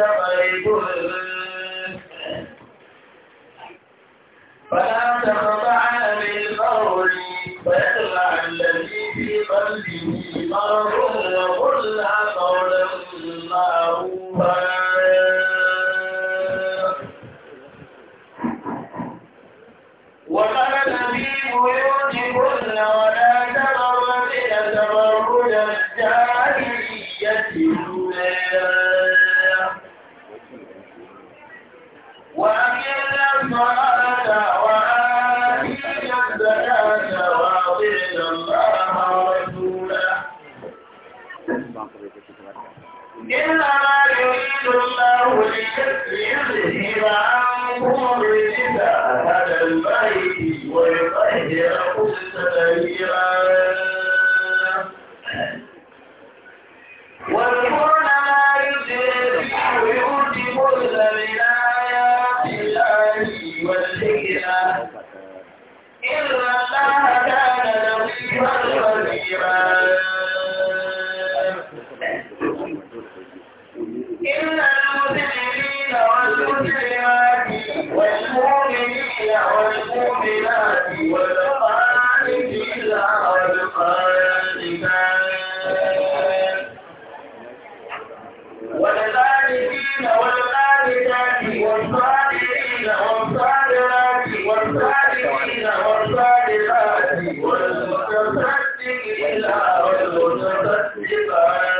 تقربوه فلا تخضعن بالقول فيطلع الذي في قلبه مرض إنما يريد الله ليذهب عنكم الرجس الذكر لا يقول تسبحا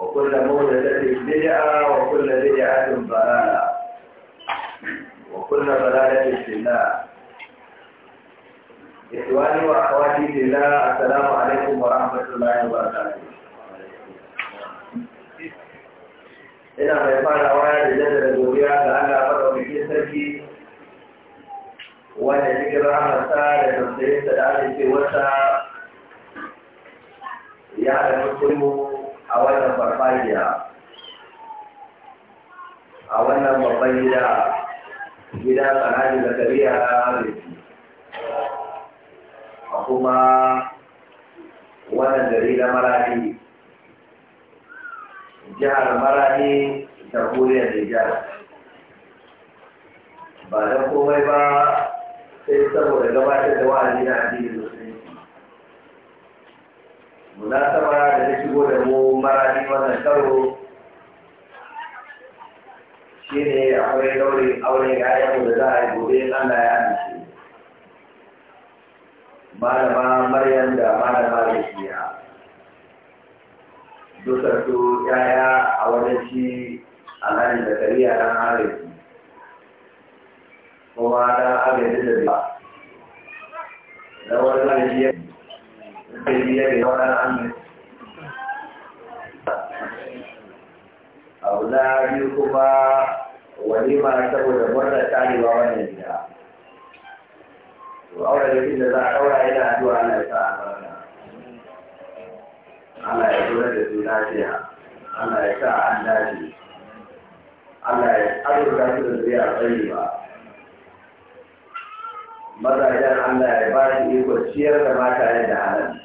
وكل مولدة بدعة وكل بدعة ضلالة وكل ضلالة في الله إخواني وأخواتي في الله السلام عليكم ورحمة الله وبركاته إذا ما يفعل الأوراق لجدة الدوبيا لأن أفضل من كسرتي وأن يذكر رحمة الله لتصديق تدعي في وسع يعلم يعني a wannan farfajiya a wannan babban gida gida tsakanin zakariya arziki a kuma wannan gari na maradi jihar maradi da kuriyar nijar ba don komai ba sai saboda gabatar da wa'azi na addini munasaba da ta shigo da mu marani wannan karo shi ne akwai daure auren ‘ya'yanmu da za a yi gobe da ya amince. Malama Maryam da Malama Rashiya. Dukkan su ‘ya'ya a wajen shi Alhaji Zakariya ɗan Harifu. Kuma ɗan Abin da ba. Na wani wani yi باليد ولا عمل abu na biyu kuma walima saboda wannan tarewa wannan gida to aure da da za a daura yana zuwa Allah ya a albarka Ana ya dora da su lafiya ana ya sa an dace Ana ya azurta su da zuriya tsayi ba mazajen Allah ya ba shi iko ciyar da mata da halal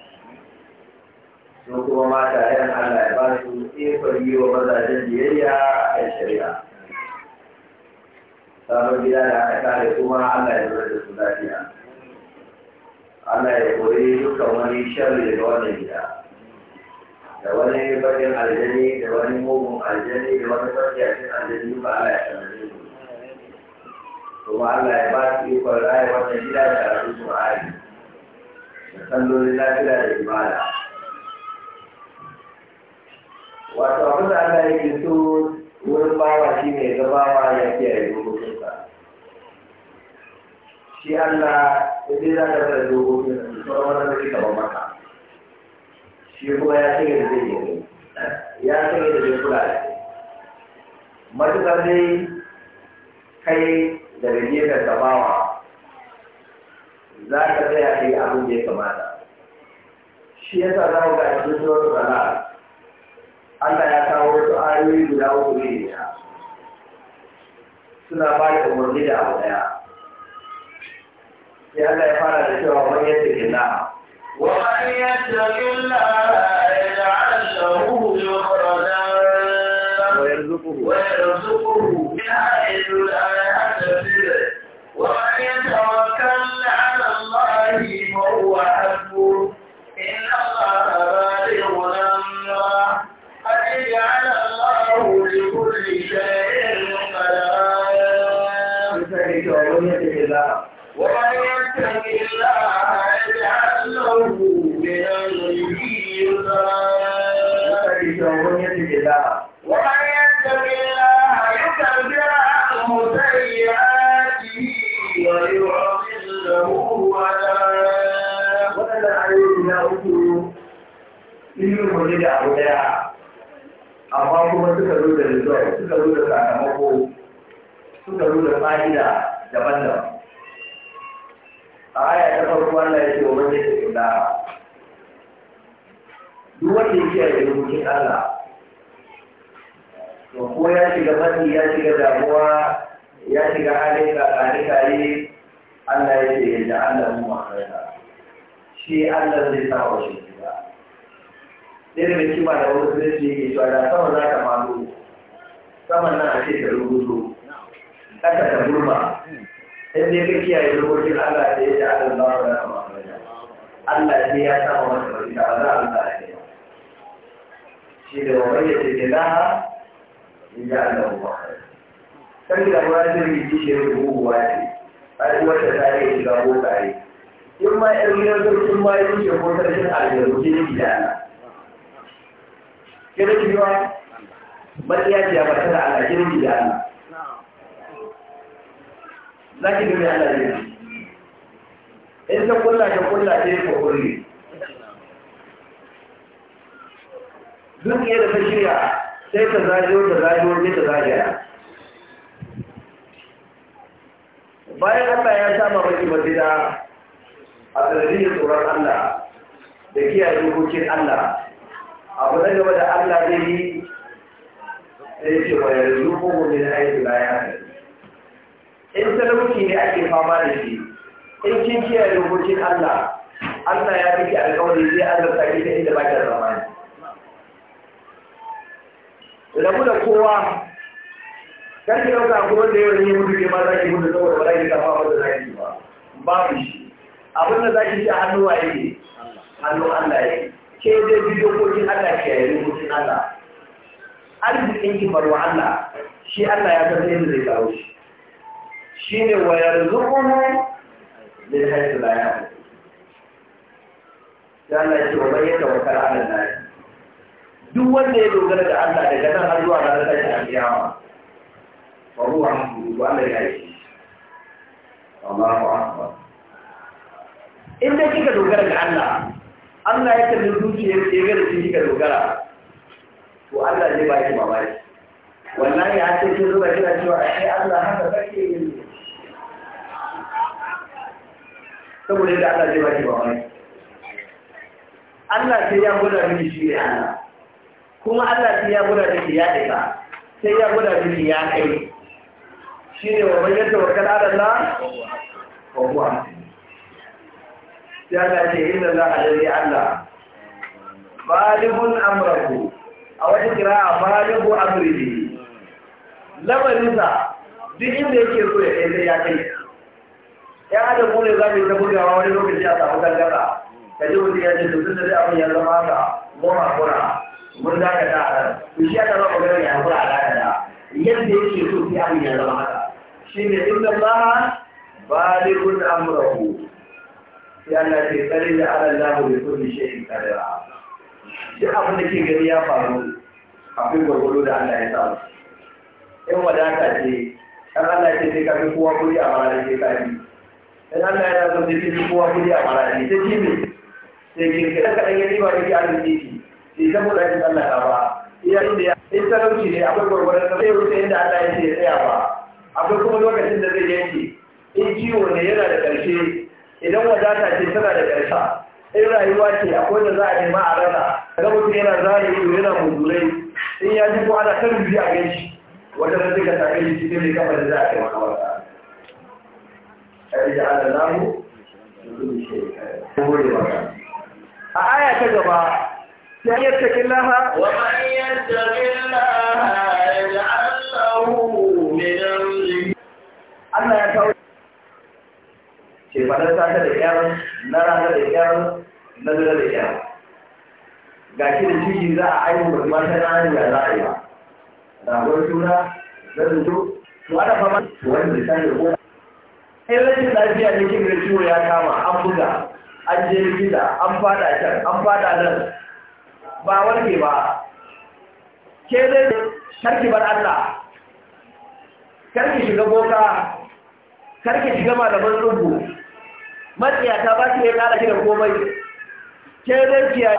sun kuma mata yan Allah ya ba su ikon yi wa mazajen biyayya a kan shari'a. Sabon gida da aka kare kuma Allah ya zura da su lafiya. Allah ya kori dukkan wani shari da wannan gida. Da wani bakin aljani, da wani mugun aljani, da wani sarkiyacin aljani duka Allah ya sanar su. Kuma Allah ya ba su ikon rayuwar wannan gida da rasu su ma'ari. Da sallolin lafiya da ibada. wato abin da Allah yake so wurin bawa shi ne ga bawa ya kiyaye dokokinsa shi Allah idan za ka zara dokokin sauran wannan da shi ba maka shi kuma ya shirya da zai yi ya shirya da zai kula da matuƙa dai kai da rage da bawa za ka tsaya ka yi abin da ya kamata shi yasa za mu ga cikin surat ranar Allah ya kawo wasu ayoyi guda uku ne da suna ba da umarni da abu daya sai Allah ya fara da cewa wani ya ce gina. Wani ya ce gina له مخرجا ويرزقه ويرزقه من حيث لا يحتسب ومن يتوكل على الله ilimin waje da abu daya amma kuma suka zo da result suka zo da sakamako suka zo da fa'ida daban-daban a aya ta farko Allah ya ce wa wanda ya ce da duk wanda ya kiyaye dokokin Allah to ko ya shiga matsi ya shiga damuwa ya shiga halin kare Allah ya ce ya ji Allah mu makarata shi Allah zai sa wa shi sai da mai kima da wani kudinci yake shi da sama za ka malo saman nan a ce ta rubuto ƙasa ta gurma in dai ka kiyaye lokacin Allah da ya ji Allah ba ka rama Allah ne ya sama masa mafita ba za Allah ne shi da ya bayyana ke laha in ji Allah ba sai da ruwa zai yi kishiyar rubuwa ce ai wata ta yi shiga bokaye in ma yan ruwa zai kuma yi kishiyar bokaye shi a yanzu ne gidana ke da kiwa matsiya ce ba ta da Allah ke da Allah za ki ga mai Allah ne in ta kulla ta kulla ta yi kokuri duk yadda ta shirya sai ta zajo ta zajo ne ta zajaya bayan Allah ya saba sama maki masida a sanadiyar tsoron Allah da kiyaye dokokin Allah abu na gaba da Allah zai yi sai ce wa yanzu kuma na aiki baya in talauci ne ake fama da shi in kin kiyaye lokacin Allah Allah ya miki alƙawari zai ta ki ta inda ba ki zamani rabu da kowa kan ki dauka ko da yau ne mutu ke ma za ki mutu saboda ba za ki tafa ba da zaki ba babu shi abin da za ki ci hannuwa yake hannu Allah yake ke dai bi dokokin Allah ke yi dokokin Allah arzikin ki baro Allah shi Allah ya san yadda zai kawo shi shine wa yarzuquhu min haythu la yahtasib dan Allah ya ce wa bayyana tawakkal ala Allah duk wanda ya dogara da Allah daga nan har zuwa ranar tashin alkiyama wa huwa hamdu wa Allah ya yi Allahu akbar in dai kika dogara da Allah Allah ya kalli zuciyar ke ga da shi ka dogara to Allah zai ba shi mamaki Wannan ya ce kin zuba kina cewa ashe Allah haka kake yi saboda yadda Allah zai ba shi mamaki Allah sai ya gwada miki shi ne Allah kuma Allah sai ya gwada miki ya daika sai ya gwada miki ya kai shine wa bayyana tawakkal ala Allah wa huwa sai Allah ce inna Allah alladhi Allah balighun amrahu a wani wata kira'a balighu amrihi lamarinsa duk inda yake so ya kai sai ya kai ya adamu kone za mu yi ta bugawa wani lokaci a samu gangara ka ji mutum ya ce to tun da dai abin ya zama haka mu hakura mun dakata a nan to shi ya zama magana ya hakura a dakata yadda yake so sai abin ya zama haka shi ne inna Allah balighun amrahu sai Allah ce tsare da ala lahu bi kulli shay'in qadir shi abin da ke gani ya faru fi gwagwado da ala ya samu in wadata ce Kan ala ce ne kafin kowa kuri a mara ke ka In ala ya zo sai fi kowa kuri a mara ne sai kimi sai ke kira ka ɗan yi ba da ke arziki sai saboda shi Allah ta ba iya da ya in talauci ne akwai ta. sai wuce inda Allah ya ce ya tsaya ba akwai kuma lokacin da zai yanke in ciwo ne yana da ƙarshe idan wadata ce tana da ƙarsha in rayuwa ce akwai da za a nema a rana ga mutum yana zara ido yana muzurai in ya ji ko ana kan biyu a gaishe wata da suka sa gaishe cikin mai kafa da za a kai wata wata a aya ta gaba sai ya tafi laha wa man yattaqi Allah yaj'al lahu min amrihi Allah ya kawo ke faɗar sata da ƙyar na rana da ƙyar na zira da ƙyar ga shi da ciki za a aiwu ba kuma ta nan ya za a yi ba ragon tura zan zo to ana fama wani da sani ko sai lafiya da kin da ciwo ya kama an buga an je likita an fada can an fada nan ba warke ba ke dai sharki bar Allah karki shiga boka karki shiga malaman rubu matsiyata ba shi ne kara shi da komai ke gaskiya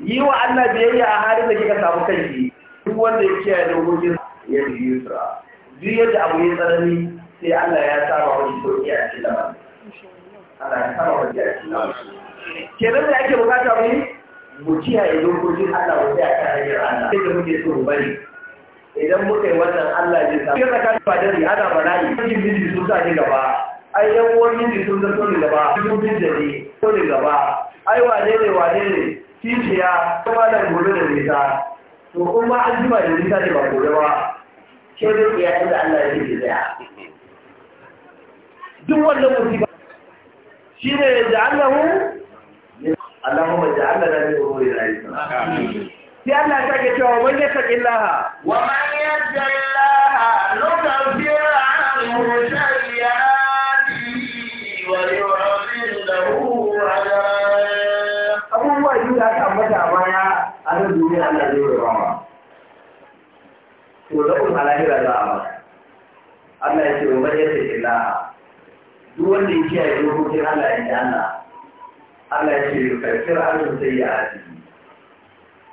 yi wa Allah biyayya a halin da kika samu kanki duk wanda ya kiyaye dokokin ya bi yusra duk yadda abu ya tsanani sai Allah ya saba wani sauki a cikin da Allah ya wani a cikin kenan da ake bukata mu mu kiyaye dokokin Allah mu a kan hanyar Allah sai da muke so mu bari idan muka yi wannan Allah zai samu. Kira kan fadari ana bala'i, kan jin biji su sa ni gaba, ai yan uwan miji sun zato ne gaba sun jinjiri sun ne gaba ai wane ne wane ne kishiya kuma da gobe da nisa to kuma an jima da nisa ne ba gobe ba ke dai iya da Allah ya yi daya duk wannan musiba shine da Allahu Allahumma ja'alna min umuri rayyiha amin sai Allah ta ke cewa man yattaqillaha wa man yattaqillaha nukaffir anhu shay'an jaza'un a za a masa Allah ya ce wa bari ya ce laha duk wanda ya kiyaye dokokin Allah ya ji Allah ya ce karkar arzun sai ya aji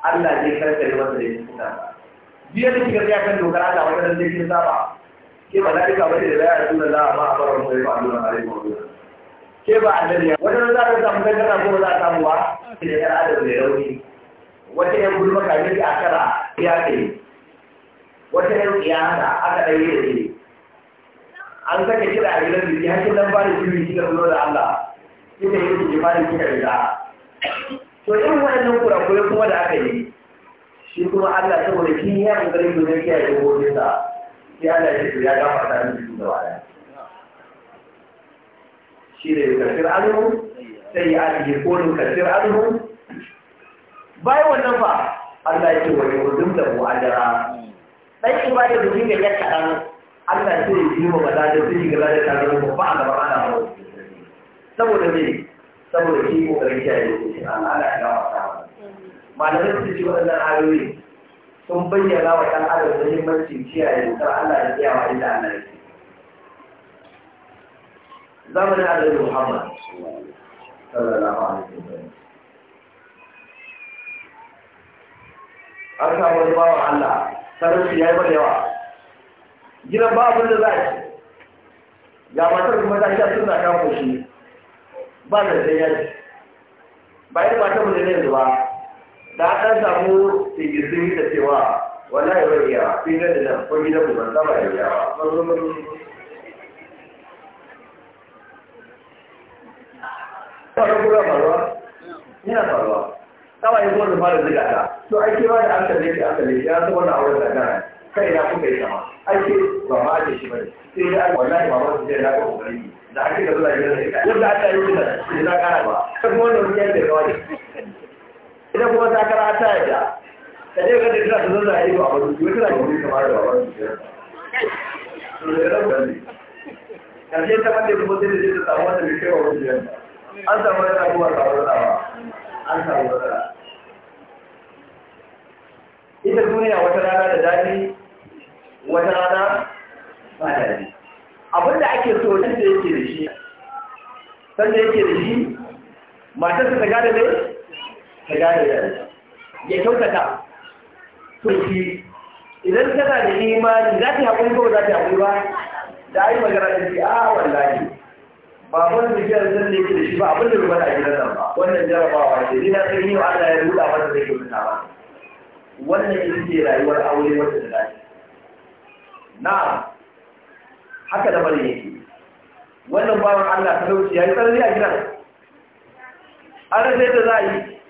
Allah ya karkar masa da ya fita biyar da kika ga kan dokar Allah wanda zai ke saba ke ba zai ba bari da ya rasu da ba a fara mu sai ba Allah alaihi wa sallam ke ba annabi wanda za ka samu kai kana ko za a samu ba, ke da al'adar da rauni wata yan gudu gulma kaje a kara ya kai wata yau kiyasa aka ɗauke da shi an saka kira a gidan biki har kin dan ba da shi shi da zuwa da Allah kika yi ki ba da kika riga to irin wannan kurakure kuma da aka yi shi kuma Allah saboda kin yi an garin da zai kiyaye gobin sa sai Allah ya ce ya gafarta miki da waya shi ne kafir anhu sai ya ajiye kodin kafir anhu Bai wannan fa Allah ya ce wa yurdum da mu'ajara shi ba da da ya kaɗan Allah sai ya yi wa bala da zai ga da tare da ba da ba da saboda me saboda shi kokarin shi ya yi Allah ya ga wata malamai su ce wannan ayoyi sun bayyana wa ɗan adam muhimmancin kiyaye dokar Allah da tsayawa inda Allah ya ce zamanin Annabi Muhammad sallallahu alaihi wasallam an samu wani bawan Allah talauci ya yi mata yawa gidan ba abin da za a ci ga matar kuma ta sha suna kan koshi ba da sai ya ci ba yi matar mu ne yanzu ba da aka samu tigirgin da cewa ya bai yawa fi da nan ko gidan mu zama ya yi yawa ba kuma faruwa yana faruwa kawai zuwa da fara ziga ta to ai ba da aka leke aka leke ya zo wannan auren da kai na kuka yi sama ai ke ba ma ake shi bane sai da aka wallahi ba ma su je na da ake ga zuwa gidan sai yadda aka yi gidan sai na kara ba kan wannan ya da kawai idan kuma ta kara ta da ta je ga da ta zanna yi ba wani wata da wani kamar da wani karshe ta wanda kuma sai da zai ta samu wanda bai kai wa wani an samu wani abubuwa da wani an samu wani ita duniya wata rana da daɗi wata rana ba daɗi abin da ake so wajen da yake da shi san da yake da shi matarsa ta gane mai ta gane da ya kyautata to shi idan tana da imani za ta haƙuri ko za ta haƙuri ba da yi magana da shi a ah, wallahi ba mun da zan da yake da shi ba abin da rubar a gidan nan ba wannan jarabawa ce ni na san yi wa Allah ya rubuta masa da ke ba wannan ita ce rayuwar aure wata da lafiya na haka da bari yake wannan bawan Allah ta lauci ya yi tsarari a gidan an rasa da za a yi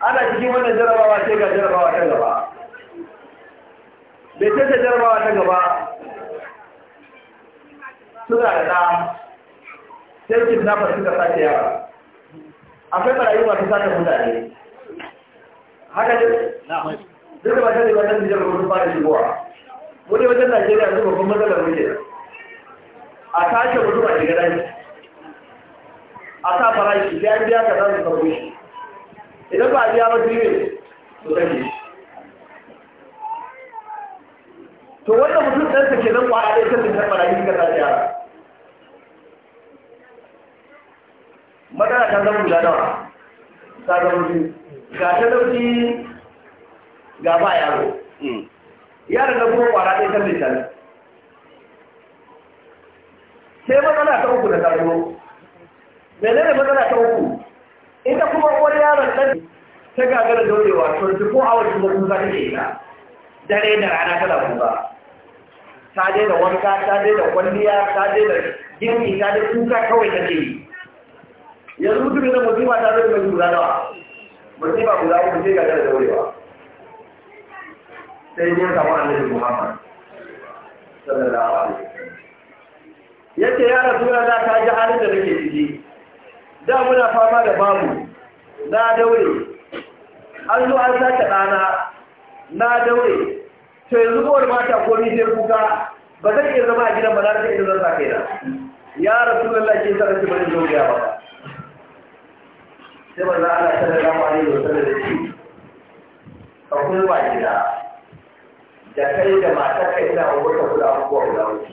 ana cikin wannan jarabawa ce ga jarabawa ta gaba bai ce ta jarabawa ta gaba suna da ta, sai kidnapper suka sace yara akwai marayu masu sata mutane haka ne duk da ba ta da wajen nijar ba sun fara shigowa wani wajen najeriya su babban matsalar muke a tashi mutu a shiga daji a sa farashi sai an biya ka za su karbo shi idan ba a biya ba ne su kashe shi to wanda mutum ɗansa ke nan a ɗaya kan da barayi suka sa yara matsala ta zama guda nawa ta zama biyu ga talauci ga ba yaro hmm. ya daga kuma kwara ɗaya ta misali sai matsala ta uku da taro. mene ne matsala ta uku ita kuma wani yaron ɗan ta gagara daurewa 24 hours kuma kusa ke ita dare da rana tana kusa ta daina wanka ta daina kwalliya ta daina girki ta daina kuka kawai ta yi yanzu mutum yana mutum ta zai mai lura musiba guda uku sai ga da daurewa sai ya samu annabi Muhammad sallallahu alaihi ya rasu ya za ta ji halin da nake ciki da muna fama da babu na daure an zo an sace ɗana na daure to yanzu kowar mata ko ni sai kuka ba zan iya zama a gidan ba na rasa inda zan sa kai na. ya rasulullah ke sa rashin bari daure ba sai manzo ana sallallahu alaihi wa sallam da ce ka koma gida da kai da matar kai ina umurta ku da abubuwa guda uku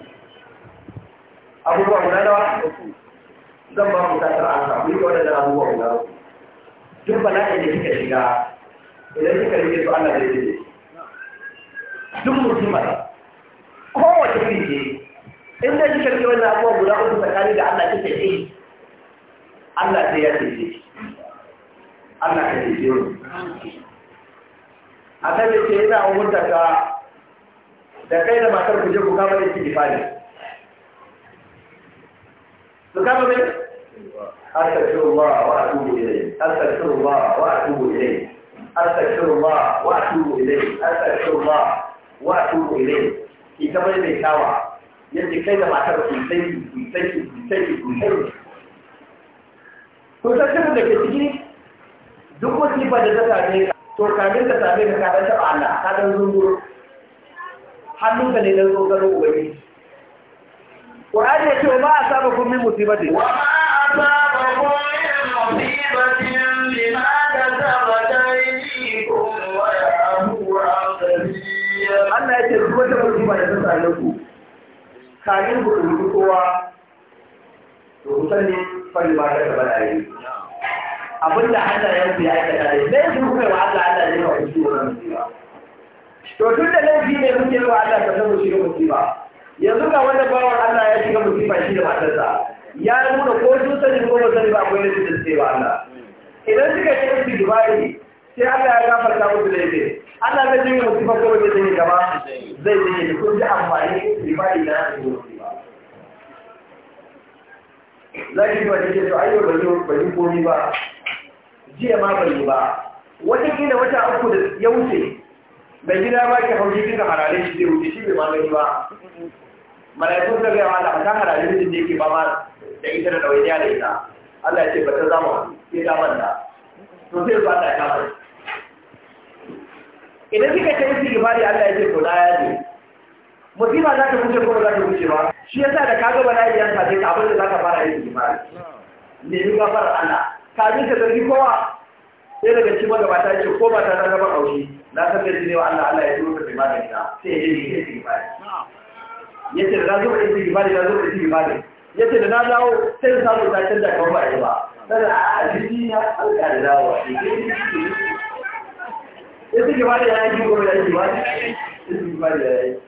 abubuwa guda nawa zan ba mu tasar an samu yi waɗannan abubuwa guda uku duk bala'in da kika shiga idan kika rike su Allah zai rike duk mutumar kowace rike in da kika rike wannan abubuwa guda uku tsakani da Allah kike yi Allah sai ya rike Allah ka ce yau a kan ce ina umurta ka da kai da matar ku je ku kama da ciki fadi su kama mai ba, wa atubu ilayhi ba, wa atubu ilayhi ba, wa atubu ilayhi ba, wa atubu ilayhi ki kama mai kawa yadda kai da matar ku sai ku sai ku sai ku sai ku kun san da ke duk musibar da ta same ka to kamin ka same ka kaɗan taɓa Allah ka ɗan zunguru hannunka ne don tsokaro ubangiji Qur'ani ya ce wa ma asaba kun min musibati wa ma asaba kun min musibati lima kasabat aydikum wa ya'fu an kabir Allah ya ce duk wata musiba da ta same ku kamin ku kowa to kusan ne fa ba ta gaba da yi abinda Allah ya fi aikata ne sai su kai wa Allah Allah ne wa shi wannan musiba to tun da laifi ne muke wa Allah ka san shi musiba yanzu ga wanda bawan Allah ya shiga musiba shi da matarsa ya nuna ko sun sani ko ba sani ba akwai laifin da suke wa Allah idan suka ce su dubai sai Allah ya gafarta musu laifi Allah zai yi musiba ko bai zai gaba zai yi kun ji amfani dubai na musiba zaki ba da ke to ayyuka ba yi komi ba jiya ma bai yi ba watakila wata uku da ya wuce mai gida ba ke hau jikin da harare shi zai wuce shi bai ma yi ba malaikun da gaya mala ta harare shi da yake ba ma da ita da ɗawainiya da ita Allah ya ce ba ta zama sai ta manta to sai ba ta kama idan kika ce shi gifari Allah ya ce to na ya ne musima za ta wuce ko za ta wuce ba shi yasa da ka ga bala'i yan sa sai abin da za ka fara yin gifari ne ni ba fara Allah kafin ka zargi kowa sai daga cikin magabata ta ce ko ba ta ta gaba aure na san da wa Allah Allah ya turo ka bi magani na sai ya yi ya ci gibari ya ce da na zuba ya ci gibari na zuba ya ci gibari ya ce da na dawo sai na samu ta canza kan ba ya ba sai a jiki na an da dawo ya ce gibari ya yi gibari ya yi gibari ya ci ya yi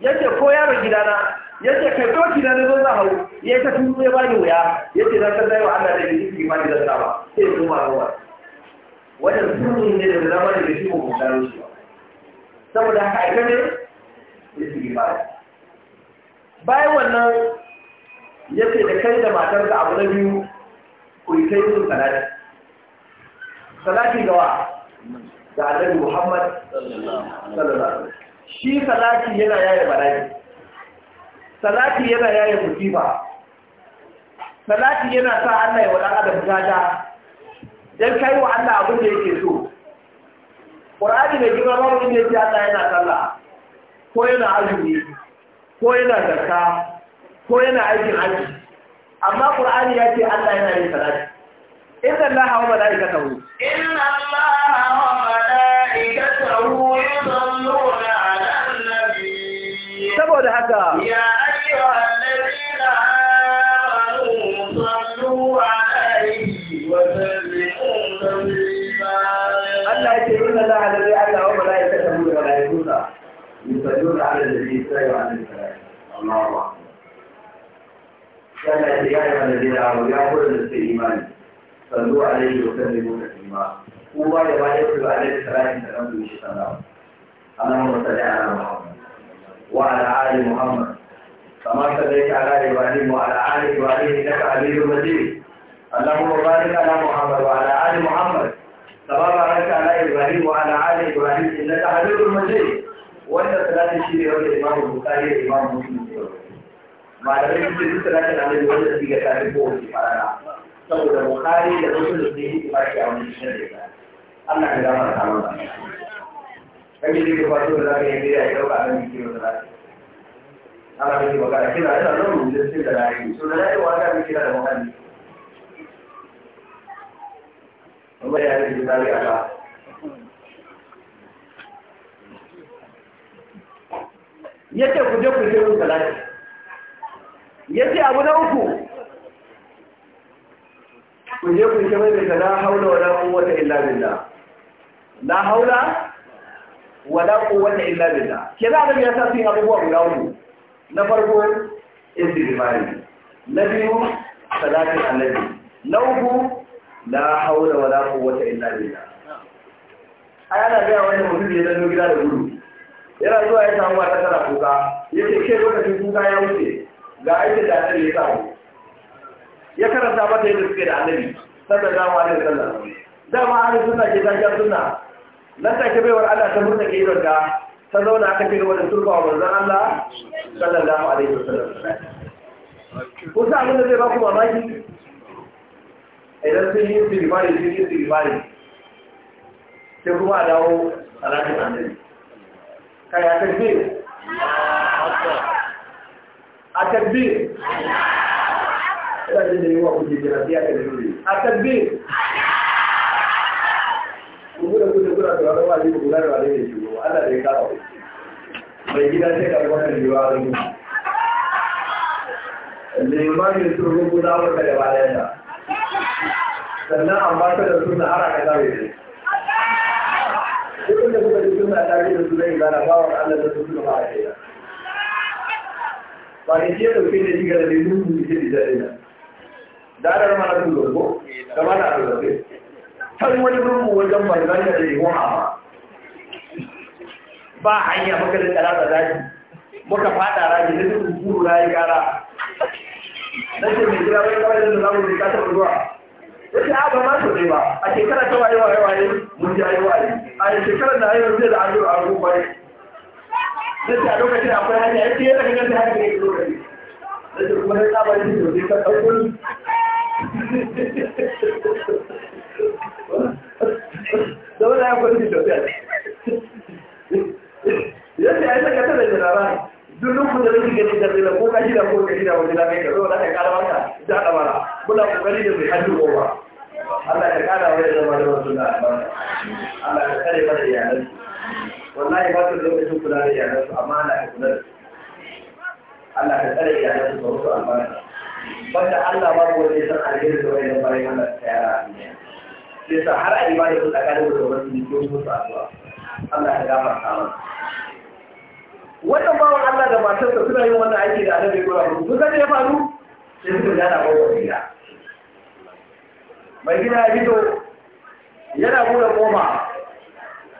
ya ce ko yaron gidana yace kai doki na nazo za hau ya ta tuno ya bani wuya yace na san dai Allah da yake ki bani da sama sai ma ruwa wannan sunan ne da zama da shi ko kan shi saboda haka ai kane yake bani bayan wannan yace da kai da matarka abu na biyu ku yi kai yin salati salati ga wa ga annabi Muhammad sallallahu alaihi wasallam shi salati yana yaya bala'i salati yana yayin musiba salati yana sa Allah ya wada adam gada dan kai wa Allah abin da yake so Qur'ani ne kuma ba inda yake Allah yana sallah ko yana azumi ko yana zakka ko yana aikin haji amma Qur'ani ya ce Allah yana yin salati inna Allaha wa malaikatahu inna Allaha wa malaikatahu yusalluna 'alan nabi saboda haka ya يصلون على الذي لا يعلم الله أكبر كان يتجاهل الذين آمنوا يأخذ في الإيمان عليه وسلموا تسليما هو يبقى عليه السلام تنبي الشيطان اللهم صل على محمد وعلى آل محمد كما صليت على إبراهيم وعلى آل إبراهيم إنك حميد مجيد اللهم بارك على محمد وعلى آل محمد كما باركت على إبراهيم وعلى آل إبراهيم إنك حميد مجيد وأنت ثلاثة شيء ولا إمام البخاري الإمام مسلم malamai suke duk da kan annabi wanda su ga tafi ko wani farana saboda bukhari da wasu da suke yi baki a wani shi da Allah ya gama da yi da ana miki magana kina yana nan rubuce cikin da layi so da layi wata miki da muhalli amma ya yi misali a ba yace ku kuje ku je ku salati yace abu na uku kuje kuje ku ce mai da la haula wala quwwata illa billah la haula wala quwwata illa billah ke za da ya sa sun abubuwa guda uku na farko istighfari na biyu salatin annabi na uku hau la haula wala quwwata illa a yana biya wani mutum da ya zo gida da gudu yana zuwa ya samu wata tara kuka ce ke lokacin kuka ya wuce ga aiki da annabi ya samu ya karanta mata yadda suke da annabi ne alaihi Za dama ahli suna ke zaki suna nan take baiwar Allah ta murna ke yi idan ta zauna aka ce gaba da turba wa manzan Allah sallallahu alaihi wasallam kun sa abin da zai ba ku mamaki idan sun yi sirifari sun yi sirifari sai kuma a dawo a rashin annabi kai a takbir a takbir ina jin da yiwa kuke jira biya ka da yuri a takbir kuma da kuma da kuma da wani wani da kuma da wani da Allah da ya kawo mai gida sai ka rubuta liwa da mu liman ne sun rubuta da ba da sannan amma da ne da suna da da a dauke shi ga da na wani wajen da yi ba hanya muka da tsara da muka fada rami da duk kuru na yi gara na ce mai gida wai kawai da zamu ne ta taɓa zuwa yace a ba ma so ne ba a shekara ta waye waye waye mun ji ayi waye a shekara da ayi mun da an zo an ruwa ne sai a lokacin akwai hanya yace yana ganin da hanya ne zo da ni sai kuma sai ta bari da ka dauko ni da wani ya kwanci da ya ce ai saka tana da labari duk lokacin da nake gani da rila ko kashi da ko kashi da wani lafiya ka zo da ka kara wata, da ka mara muna kokari da mai hannu kowa Allah ya kara wa yadda ma da wasu da Allah ya kare mana iyalan wallahi ba su lokacin kula da iyalan su amma Allah ya kula Allah ya tsare iyalan su ga wasu albarka wanda Allah ba ku wani san alheri da wani bayan Allah ta yara a duniya sai sa har a yi ibada su tsakanin da wani ne ko su addu'a Allah ya gafarta masa wannan bawan Allah da matarsa suna yin wannan aiki da annabi Ibrahim sun san ya faru sai suka gana ba wa gida mai gida ya fito yana buɗe koma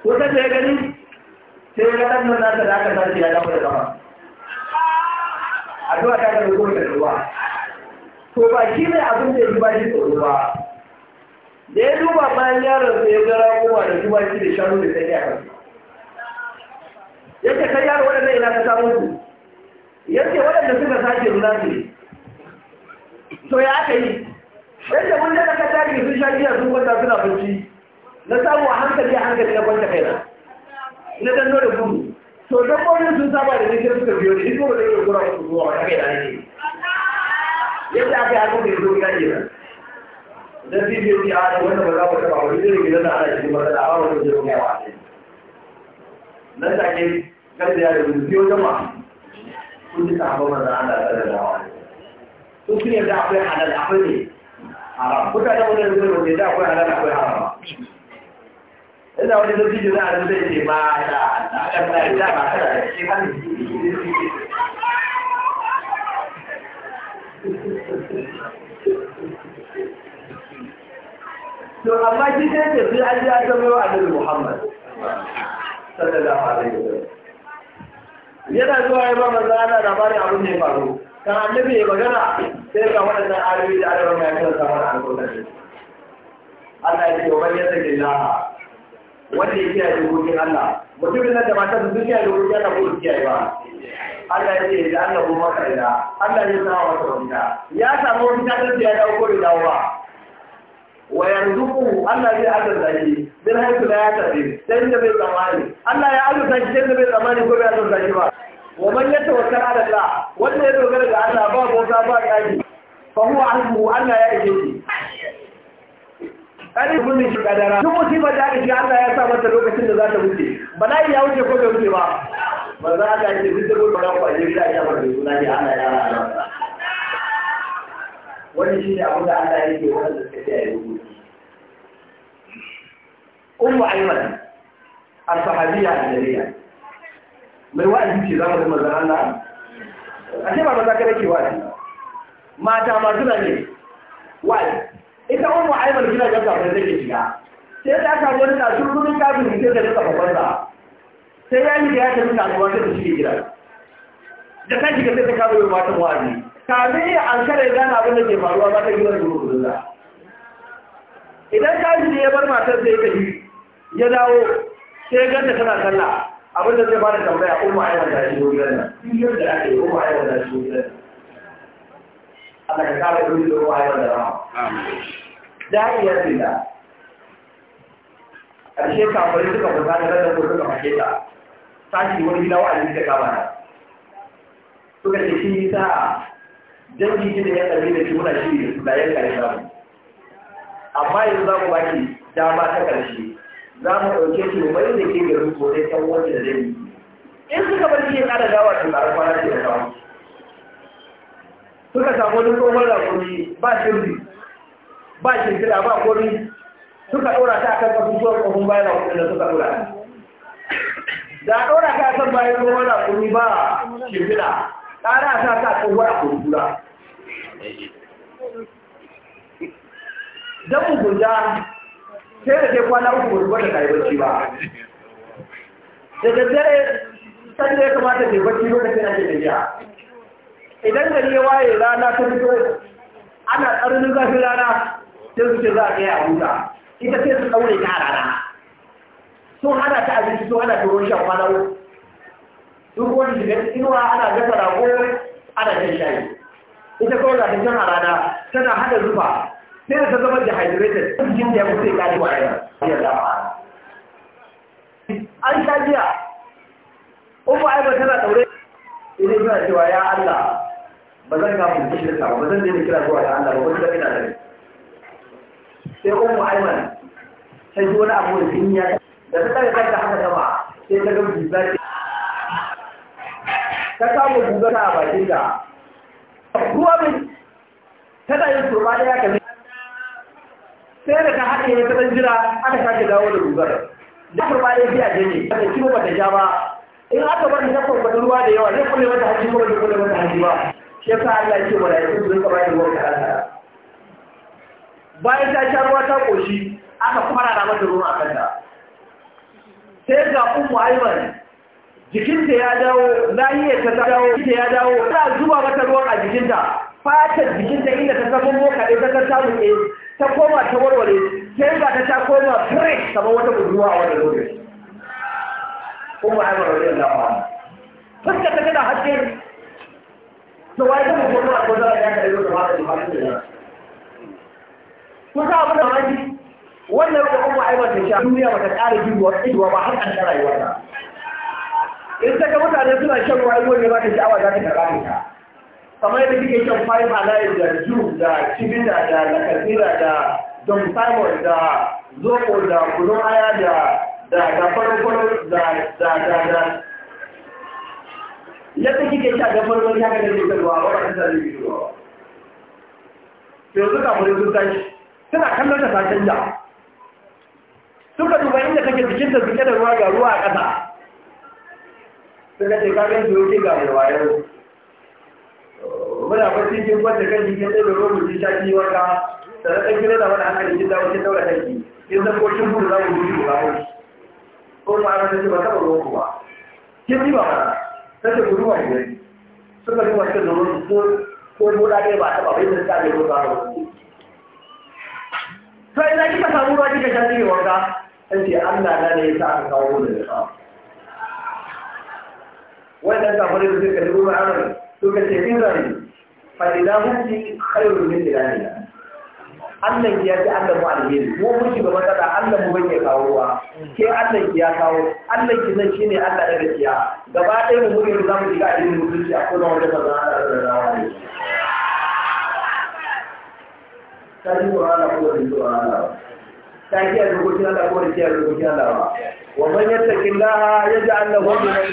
ko ta da ya gani sai ya ga ɗan nan nasa da aka sace ya dafa da kama addu'a ta ga ruwa da ruwa to ba shi ne abin da ya ji ba shi tsoro ba da ya duba bayan yaron sai ya gara ramuwa da duba shi da shanu da sai ya kansu yake kai yaro waɗannan ina ka samu su yake waɗanda suka sake ruwa su to ya aka yi yadda mun daga ka tarihi sun sha giya sun kwanta suna bacci na samu a hankali a hankali na kwanta kaina na dan da gudu to dabbobin sun saba da nake suka biyo ni ko ba zai yi kura su zuwa wata kai da ne yadda aka yi haka da yanzu ya yi. da dan bibiyo ya a wanda ba za mu taba wani irin gidan da ana cikin matsala a wani zai yi wa ne nan da ke kan da ya da biyu jama kun ji sahabban da Allah sallallahu alaihi wasallam to da akwai halal akwai ne haram da wannan zuwa da da akwai halal akwai haram ina wani zuwa da za a zai ce ba da Allah da ba ta da shi To amma sai an ji Annabi Muhammad. sallallahu alaihi wasallam yana zuwa ya ba manzo Allah labarin abin da ya faru kan annabi ya magana sai ga waɗannan ayoyi da Allah ya kira sa mana alƙur'ani Allah ya ce wa man yattaqillaha wanda ya kiyaye dokokin Allah mutumin nan da matarsa sun kiyaye dokokin Allah ko su kiyaye ba Allah ya ce da Allah ko maka ila Allah ya sa wa ta wanda ya samu wani ta tafiya da ko da dawowa wa yarzuku Allah zai azurta shi bin haifu la ya tafi sai inda bai zamani Allah ya azurta shi sai bai zamani ko bai azurta shi ba wa man ya tawakkal da Allah wanda ya dogara ga Allah ba bauta ba kaji fa huwa azmu Allah ya ije shi kare kun ne shi kadara duk musibar da aka ji Allah ya sa mata lokacin da za ta wuce bala'i ya wuce ko bai wuce ba ba za ka ce duk da ko gurbin kwaje da ya fara da sunan Allah ya rahama wani shi ne abu da Allah yake wanda suka ce ya rubu ummu Aiman, alfahari ya al jariya, mai wa'azi ce zama zama na? Allah a ce ba maza kada ke wa'azi mata ma na ne wa'azi ita ummu gina kina ga zai ke shiga sai ta aka wani na sun kafin sai da ta babban sai ya yi da ya a kasuwa ta shi gida da kan shiga sai ta kawo matan wa'azi kamin ya an kare gane abin da ke faruwa ba ta gina da gudun gudun idan kaji ne ya bar matar da ya gaji ya dawo sai ganta tana kalla, abin da zai ba tambaya umma ayyana wanda shi wurin nan biyar da ake umma ayyana wanda shi ko wurin Allah ka kare dole da umma ya wanda rama da iya tsira ƙarshe kafirai suka fusa da rarrabu suka mace ta tashi wani gida wa'azi suka kama na suka ce shi sa dangi shi da ya ɗari da shi muna shiri da su da ya kare amma yanzu za mu baki dama ta ƙarshe za mu ɗauke shi mu bari da ke garin ko dai kan wanda da zai yi in suka bar shi ya ƙara dawa to ƙara kwana ce da kawo suka samu wani tsohon rakuni ba shirri ba shirkira ba kori suka ɗora ta akan kasusuwar ƙofin bayan rakuni da suka ɗora da ɗora ta san bayan tsohon rakuni ba shirkira ƙara ta ta tsohon a tura dan mugunta sai da ke kwana uku gurguwar da kai bacci ba da daddare san da ya kamata ke bacci lokacin ake tafiya idan gari ya waye rana ta fito ana tsarin zafin rana sai suke ce za a kai a huta ita sai su ɗaure ta rana sun ana ta abinci sun ana ta shan kwana uku duk wani shigar inuwa ana gasa rago ana shan shayi ita kawai da kashin a rana tana hada zufa sai da ta zama dehydrated cikin da ya mutu ya kaji wa ya an sha jiya umu aiba tana daure idan suna cewa ya Allah ba zan gamu da sa ba zan daina kira zuwa ya Allah ba wani da ina dare sai umu aiman ta ji wani abu da duniya da ta tsaya kanta haka sama sai ta ga zafi. ta kama buga ta a bakin ta ruwa mai tana yin turba ɗaya ka sai da ta haɗe ya ta jira aka sake dawo da rugar da turba ɗaya kima ta ba in aka bari ta kwakwata ruwa da yawa zai kulle mata kuma hajji ba Allah su ta sha ruwa ta ƙoshi aka fara da a kanta sai ga ummu aiman jikinta ya dawo lahiyarta ta dawo ta ya dawo ta zuwa wata ruwan a jikinta fatar jikinta inda ta samun moka ɗaya ta samu ɗaya ta koma ta warware sai ba ta ta koma fresh kamar wata guduwa a wannan lokaci kuma a yi rajin da ba fuska ta gada haske to wai ta mutum a ko a ya kare da ba da ba da kusa abin da mai wannan da kuma a yi ta sha duniya ba ta ƙara jiwa ido ba har yi wata in ta ga mutane suna shan ruwa ne ba ta sha'awa za ta karɓa ta kamar yadda kike kyan five alive da ju da kibida da lakasira da don simon da zoko da kudin aya da da da farko da da da da yadda kike sha da farko ya ga da kike ruwa ba ta da yanzu ka mun sun tashi suna kallon da ta canja suka duba inda kake jikin da suke da ruwa ga ruwa a ƙasa suka ce ka ga yau ke ga mai wayo 我两个天天过这个一天，这个路子下去，你往啥？在那点子，那会儿拿个手机，在微信走了下去。现在过去不知道有几条路，过马的时候差不多走路吧。现在呢，那就不用管你这个路我先走路，走走路来这边吧，先把微信加了都算了。再一个，你把上路的这些事情往啥？而且，俺们那里下领导屋里啊，我也是干活的时候，他都跟我讲的。suka ce izan fa'ilahunci khairun min An Allah ya ce Allah mu alheri mu mun shiga matsala Allah mu bai kawo ruwa ke Allah ya kawo Allah ki nan shine Allah da gaskiya gaba ɗaya mu mun za mu shiga addinin mutunci a kuma wanda ba za a da rawa ne ta ji ko Allah ko da ko Allah ta ki a rubuci Allah ko da ki wa Allah wa man yattaqillaha yaj'al lahu min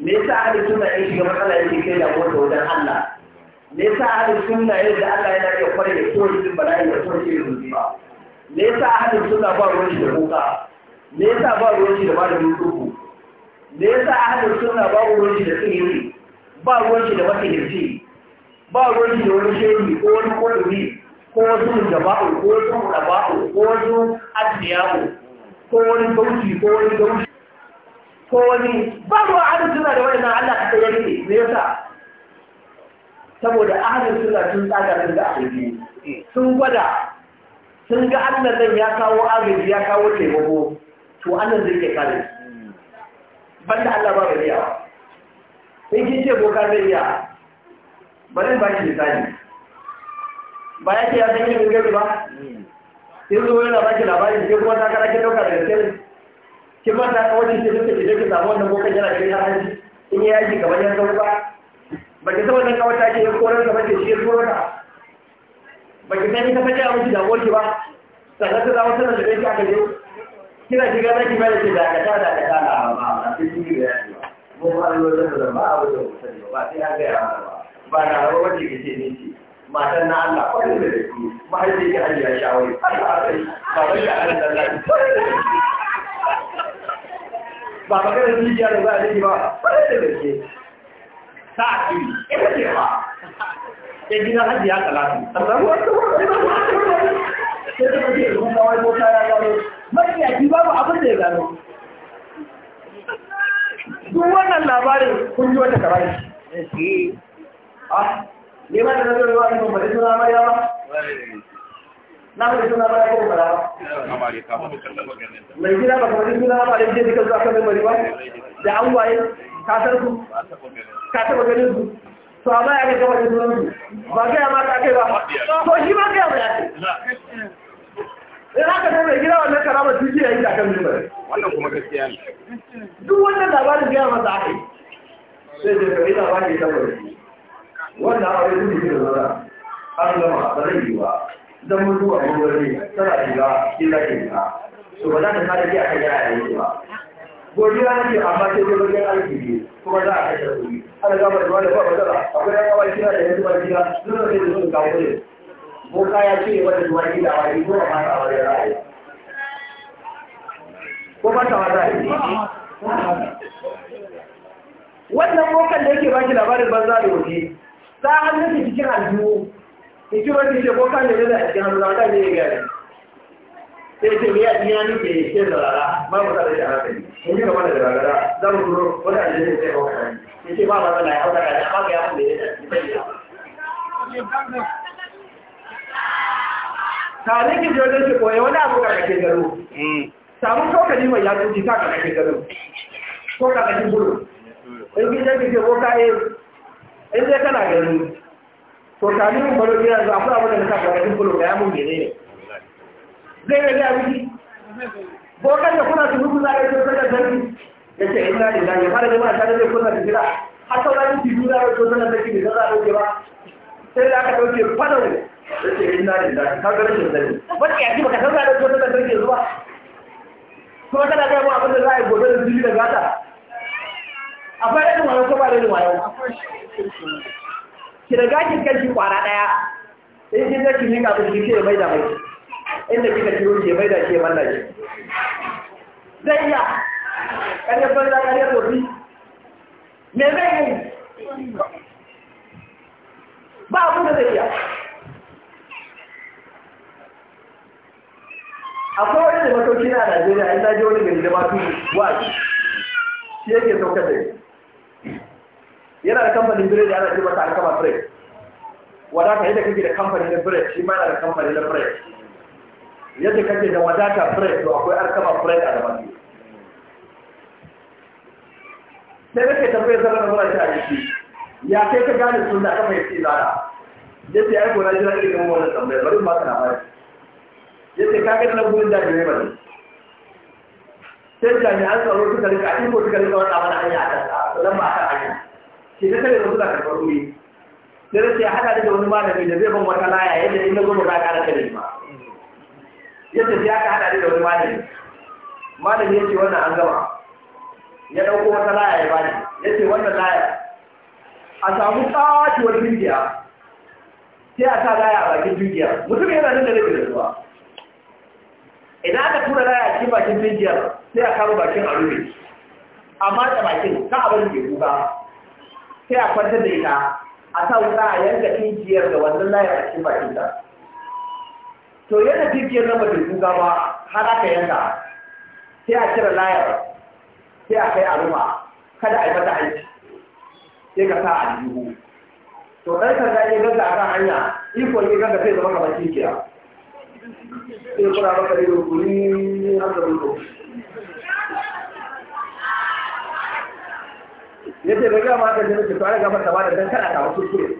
me yasa ahli sunna ya shiga matsala yake kai da wata wajen Allah me yasa ahli sunna ya da Allah yana iya kware da kowace bala'i da kowace ba? me yasa ahli sunna ba ruwan shi da kuka me yasa ba ruwan shi da ba da duku me yasa ahli sunna ba ruwan shi da tsiri? ba ruwan shi da masihirci ba ruwan shi da wani shehi ko wani kodumi ko wasu jaba'u ko wasu raba'u ko wasu asiyamu ko wani gauci ko wani gauci ko wani ba mu ahalin suna da wani Allah ka sai ne me yasa saboda ahalin suna sun tsaga sun ga agaji sun gwada sun ga Allah nan ya kawo agaji ya kawo taimako to Allah zai ke kare banda Allah ba bai yawa sai kin ce boka zai iya bari ba shi misali ba ya ce ya san yin gari ba hmm. sai zo yana baki labarin sai kuma ta kara ki dauka da gaske kin ma ta kawai ce duka ki duka samu wannan bokan yana gari har hanji in ya yaji kamar yan sauka ba ki san kawai ta ce koran ka bace shi ya turo ba ki san ka bace a miki damuwar ba sannan ta zama sanar da kai aka je kina shiga zaki ba da ke dakata dakata na ba sai kin yi bayani ba mun hallolin da ba a wajen mutane ba sai an gaya ba ba na rawa wace ke ce ne ce matan na Allah kwanin da ku mahaifi ya hajji shawari Allah a ba wai Allah da ba maganar rijiya da za a yi ba ba da gaske ta a kiri ita ce ba ya gina hajji ya talatu a samu wasu sai ta kace kuma kawai ko ta ya gano mafi babu abin da ya gano duk wannan labarin kun ji wata karai eh, eh. ah, ne ma da nazarin wani kuma ba da suna amarya ba na da suna ba ya kuma ba mai gida ba kamar suna ba da yake duka zuwa kan mai ba da an waye kasar su ka taba ganin su to amma ya ga gaba da sunan su ba ga ya mata kai ba to shi ma ga ya in eh, haka ne mai gida wannan karamar tuki ya yi da kan mai wannan kuma gaskiya ne duk wannan labarin gaya masa aka yi sai da kai labarin ya tabbata wannan abin da da zara an gama ba zai yi ba don mutuwa gobe tana shiga kila kinka so ba za ta kada a kan yaya yanzu ba gobe na ce, amma sai dai wajen aiki kuma za a kashe kuɗi ana gaba da wani ba matsala akwai ɗan kawai kila da yanzu ba kila duk da zai zo da kawo ne ko kaya ce wanda zuwa kila a wani ko a mata a wani ra'ayi ko ba ta wata ne wannan mokan da yake baki labarin banza da waje ta hannun cikin aljihu wọ́n ti ṣe kọ́kà lè lẹ́la ìjẹun lọ́dà ní ìgbà rẹ̀. Ṣéṣe ní àdíyá ní kèé ṣe rárá máa mú sáré yàrá rẹ̀. Èmi kò má lè lọ́la dáa, dúró, ó dà lè ṣe ọkọ̀ rẹ̀. Ṣéṣe máa bá lọ́la ọ̀dà kàdé, àmọ́ kẹ́ lè ṣe ìṣẹ́ Tare ki je wajen shiko ya wani abu kaka ke garo. Samu kokari mai ya tuji ta kaka ke garo. Ko kaka ke buru. In gidan ki je boka in zai kana to kamin in baro gida yanzu akwai abin da na saka bakin bulo ga gene ne zai a biki bokan da kuna su rubuta a yanzu sanar sarki ya ce ina ne na ya fara jama'a tare da kuna su har sau juna da da za a ɗauke ba sai da aka ɗauke ya ce ina na ka ga rashin baka san za a da zuwa kana mu abin da za a yi gobe da da gata akwai ba ki riga ki kashi kwara daya in ki zaki ne ka shi ke mai da mai inda kika ciwo ke mai da ke manna ki zai iya kare banza kare tofi me zai yi ba abin da zai iya akwai wani da matauki na Najeriya in ta je wani gari da ba su wa shi yake saukar da yi yana da kamfanin biredi yana ce masa alkama bread wadata yadda kake da kamfanin na bread shi ma yana da kamfanin na bread yadda kake da wadata bread to akwai alkama bread a gaban biyu sai nake tambayar zarar da mura shi a ya kai ka gane da ka fahimci zara yace ai ko na jira irin gaban wannan tambayar bari ba ka na bayar yace ka ga nan gudun da ne ba sai jami'an tsaro suka rika a ko suka rika wannan mana hanya a ƙasa, sa dan ba a kan hanya shi ta tare da zuwa karɓar wuri da rashi ya haɗa da wani malami da zai ban wata laya yadda in zo ba za a ƙara kare ma yadda sai aka haɗa da wani malami malami ya ce wannan an gama ya ɗauko wata laya ya bani ya ce wannan laya a samu ƙatuwar dukiya sai a sa laya a bakin dukiya mutum yana nan da rage da zuwa idan aka tura laya a cikin bakin dukiyar sai a kama bakin a rufe a matsa bakin ta abin da ke kuka sai a kwantar da ita a sa wuta a yanka kinkiyar da wannan layar a cikin bakin ta to yana kinkiyar na bata kuka ba har aka yanka sai a cire layar sai a kai a ruma kada a yi mata aiki sai ka sa a jihu to ɗan sanda ya gaza a kan hanya iko ya gaza sai zama kamar kikiya sai kuna maka da yau kuri har da rulo yace da ga maka da nake fara da ba da dan kana kawo kuskure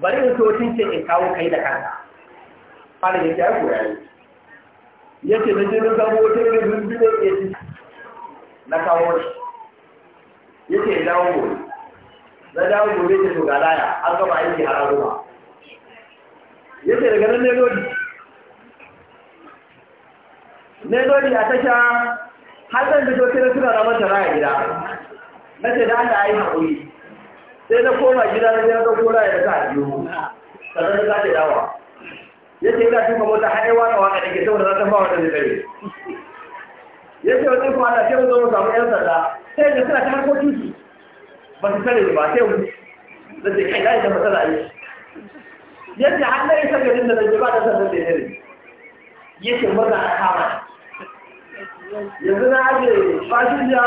bari in so tin ce in kawo kai da kanta fara yace ya ku yayi yace da na da mu wata ne dun bi ya yace na kawo shi yace dawo gobe na dawo gobe ya to ga laya an gaba aiki har an Ya ce daga nan ne lodi ne a tasha har zan fito sai suna ramar da a gida na ce da Allah ya yi haƙuri sai na koma gida na jiran ɗauko na ya sa biyu sannan na sake dawa ya ce ina tuka mota har yawa na waka dake saboda zan ba wata zai ya ce wani kuma sai mu zo samu ƴan sanda sai da suna ta harkokin su ba su sani ba sai mu da ce kai na ita matsala yi ya ce har na isa garin da zai ba ta sanda da ya ce maza a kama yanzu na ake fashin na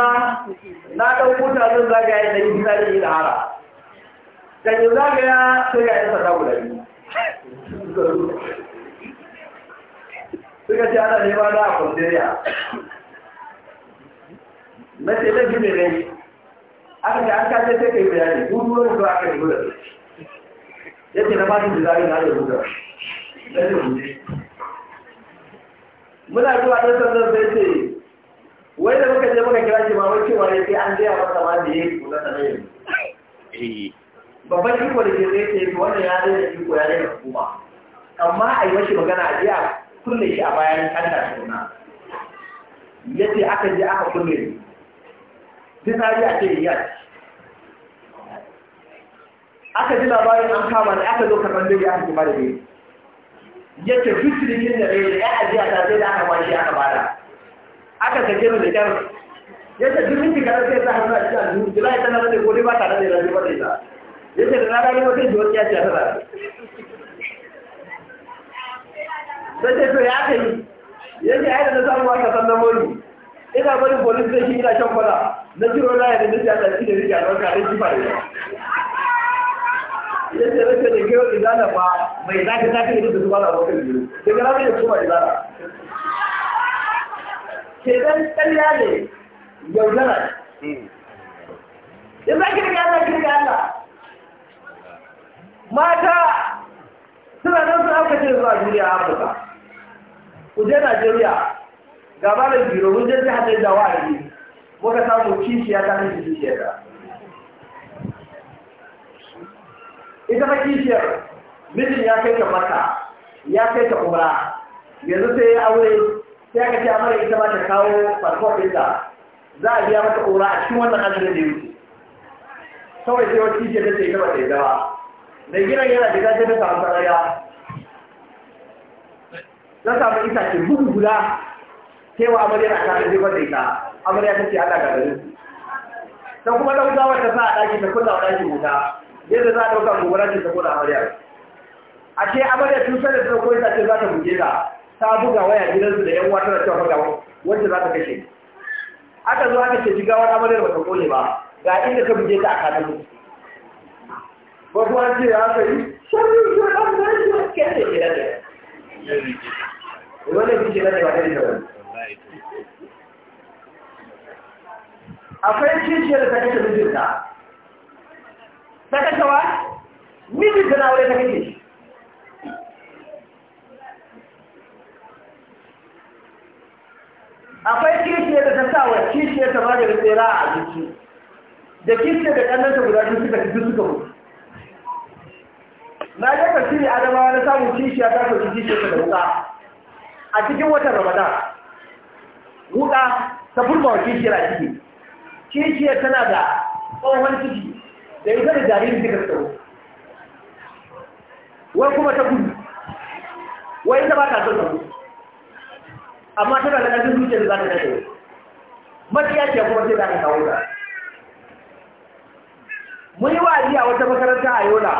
ɗan kuta zan zagaya da yi bisa da yi da hara kan yi ya sai ya yin sata guda biyu suka ce ana nema na a kwanzeriya na ce na jimi ne aka ce an kace sai ka yi bayani gudu wani zuwa aka yi gudu yake na masu da zagaya na da gudu na da gudu muna zuwa ɗan sandan sai ce wai da muka je muka kira shi ba wai cewa ya ce an gaya masa ma da ya yi sanan yanzu eh babban iko da ke zai ce wannan ya zai da iko ya zai da hukuma amma a yi mashi magana a jiya a kulle shi a bayan kanta suna ya ce aka je aka kulle shi yi a ce ya ci aka ji labarin an kama da aka zo karɓar da aka kuma da dare ya ce duk cikin da ɗaya da ya ajiya ta sai da aka kwashe aka bada aka sake mu da kyar ce duk mun kika sai ta hannu a cikin aljihu ya tana da gode ba tare da rayuwa da ita ce da na gani wata jiwon ya ce ta da sai ce to ya kai yace ai da na samu wata sannan wani. ina bari police station ina shan kwala na jiro na yadda na siyasa shi da rike a fara don Ya ce yace ce da kewa izana ba mai zafi zafi irin da su ba da abokan biyu daga na mai da kuma izana shedan ƙarya ne yaudara in hmm. za ki riga za ki riga mata suna nan su aka ce zuwa duniya a Afirka ku je Najeriya gaba malam biro mun je jihar da dawa a yi muka samu kishiya ta hanyar kishiyar da ita ma kishiyar mijin ya kai ta mata ya kai ta umra yanzu sai ya aure sai aka ce mara ita ma ta kawo farko ɗinta za a biya mata ƙura a cikin wannan azumin da ya wuce kawai sai wata da ta ce ita ba ta yi dawa da gina yana da gajen ta samu sarariya Na samu ita ce bugu guda cewa amaryar a kanin zai wanda ita amarya ta ce ana gagarin su ta kuma ɗaukawa ta sa a ɗaki ta kula a ɗaki wuta yadda za a ɗauka gobara ce ta kula amaryar a ce amaryar tun sanar ta koyi ta ce za ta buge ta ta buga waya gidansu da yan wata da cewa faga wacce za ta kashe aka zo aka ce jigawar amaryar ba ta kone ba ga inda ka buge ta a kanin ba kuma ce ya ka yi sharri ko dan da shi ke da ke da wanda ke ke da ba da ba akwai kiciyar da ta kashe mijinta ta kashe wa mijinta na wani ta kashe shi akwai kishiyar da ta sa wa kishiyar ta maganin tsera a abinci da kishiyar da ƙannanta guda shi, suka fi suka mutu na je ka shirya adamawa na samun kishiya ta sauki kishiyar ta da wuka a cikin watan ramadan wuka ta furma wa kishiyar a ciki kishiyar tana da tsohon ciki da ita da jaririn da tsoro wai kuma ta gudu wai ta ba ta son ta gudu amma tana da ƙarfin zuciya da za ta kashe maciya ce kuma sai za ta kawo ta mun yi wa'azi a wata makaranta a yola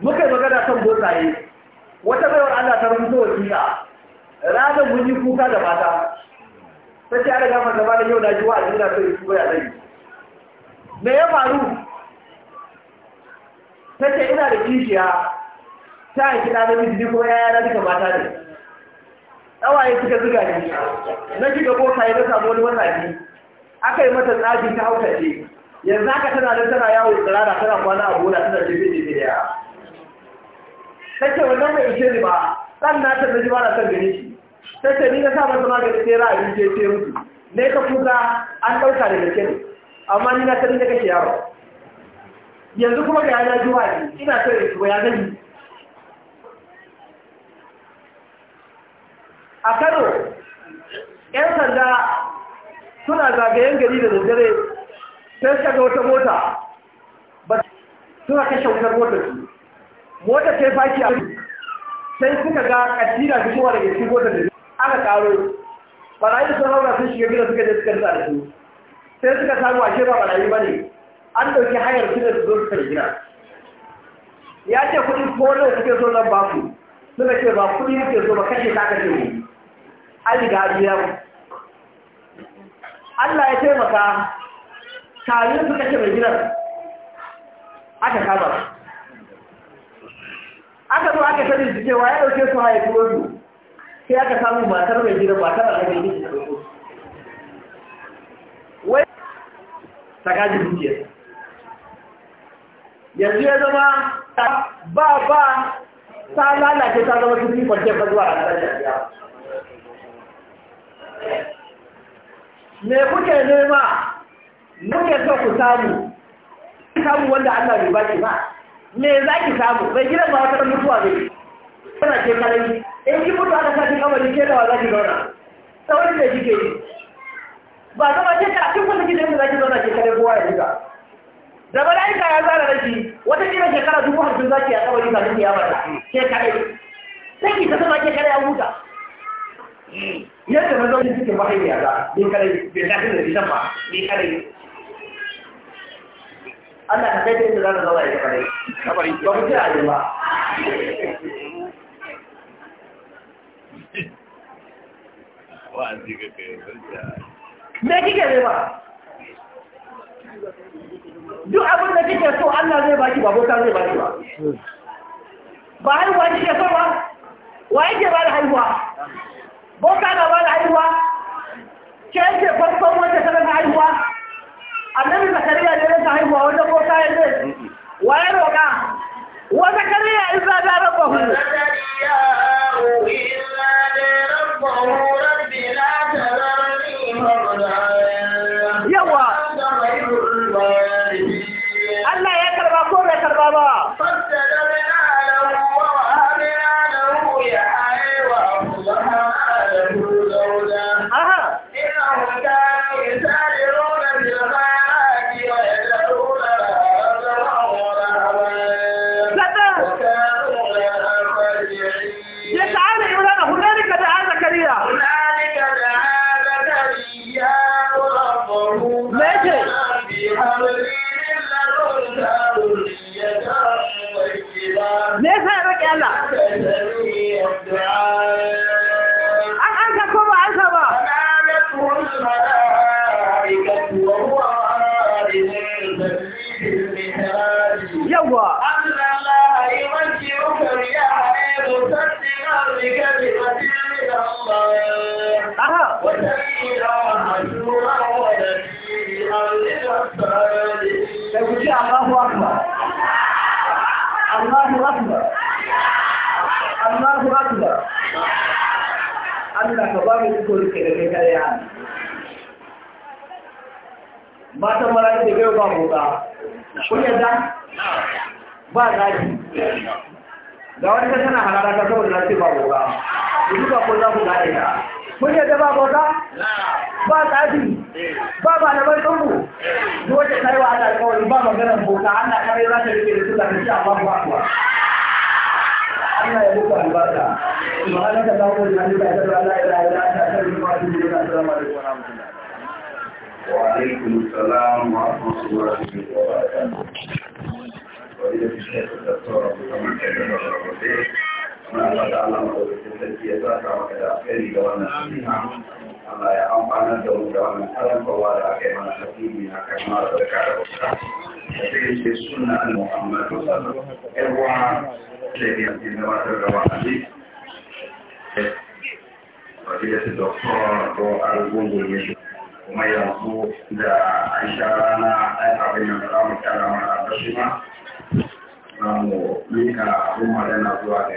muka yi magana kan bokaye wata baiwar Allah ta rubuta wasiƙa ranar mun yi kuka da mata ta ce ana gama gaba da yau na ji wa'azi na so yi kuka ya zai me ya faru ta ce ina da kishiya ta haifi na namiji ne kuma yaya yana duka mata ne ƙawaye suka zuga ne na shiga boka ya nasa wani ne aka yi mata tsafi ta haukace yanzu haka tana da tana yawo tsirara tana kwana a bola tana jefe jefe da ta ce wannan mai ishe ne ba ɗan na ta zaji mara na gani shi ce ni na sa masa magani sai ra'ayi yi ce mutu ne ka kuka an ɗauka da gaske ne amma ni na sani na kashe yaro yanzu kuma ga yana juwa ne ina son ya shiga ya a kano 'yan sanda suna zagayen gari da daddare sai suka ga wata mota ba suna kashe wutar motar su motar sai faki a sai suka ga kasira su kowa daga cikin motar da aka karo barayi sun haura sun shiga gida suka je suka rasa da su sai suka samu a ba barayi ba ne an ɗauki hanyar su da su zo su. gida ya ce kuɗin ko suke so nan ba ku suna ce ba kuɗi muke so ba kashe ta kashe mu an biyar Allah ya taimaka tarin suka ce mai gidan aka kama aka zo aka sani su cewa ya dauke su haifu tuwo sai aka samu matar mai gidan matar alhaji ne ta ɗauko wai ta gaji dukiyar yanzu ya zama ba ba ta lalace ta zama su fi kwanciyar zuwa a ƙarshen me kuke nema muke so ku samu samu wanda Allah bai baki ba me za ki samu bai gidan ba wata mutuwa ne kana ke kalai in ki mutu aka saki kamari ke da wa za zauna saurin da kike yi ba zama ce ka cikin wanda gidan da za ki zauna ke kalai kowa ya duka da mala'ika ya zara rashi wata kira shekara dubu hamsin zaki ki a kamari kafin ya mata ke kare sai ki ta zama ke kare ya huta yadda mazaunin suke mahaifiya ba ni kadai bai tafi da bisan ba ni kadai Allah ka kai ta yadda za ta zauna ita kadai ba mu kira ne ba wa'azi ga kai me kike ne ba duk abin da kike so Allah zai baki ba bota zai baki ba ba haihuwa kike so ba wa yake ba da haihuwa boka na ba da haihuwa ke yake farkon wata ta rasa haihuwa annabi zakariya ne rasa haihuwa wanda ya zai roƙa wa zakariya in za da yi ko rike da kai da gaiwa ba motsa kun yadda ba zaki ga wani ta tana halara ta saboda ce ba motsa yanzu ba kun za ku zaɗe ta kun ba motsa ba tsafi ba ba da mai tsungu duk wacce kaiwa ana alkawari ba maganar motsa na kare za ta rike da su da ta amma ba Allah ya muku albarka subhanaka allahumma wa bihamdika ashhadu an la ilaha illa anta astaghfiruka wa atubu ilayk assalamu alaikum wa rahmatullah wa alaikum assalam wa rahmatullahi wa barakatuh wa ila shaykh dr. Abu Hamid al-Rabi Muna fata Allah mawadatin sarki ya sa ka maka da alheri ga wannan Allah ya amfana da mu da wannan karantarwa da aka yi mana nasibi na kai ma da ka da da sai ce sunna an Muhammadu sallallahu alaihi wa sallam ya yi da wata da wani wakilin su doktor ko argungun ne kuma yanzu da an sha rana ɗan abin nan za mu kyara mana a ƙashi ma za mu mika abin magana zuwa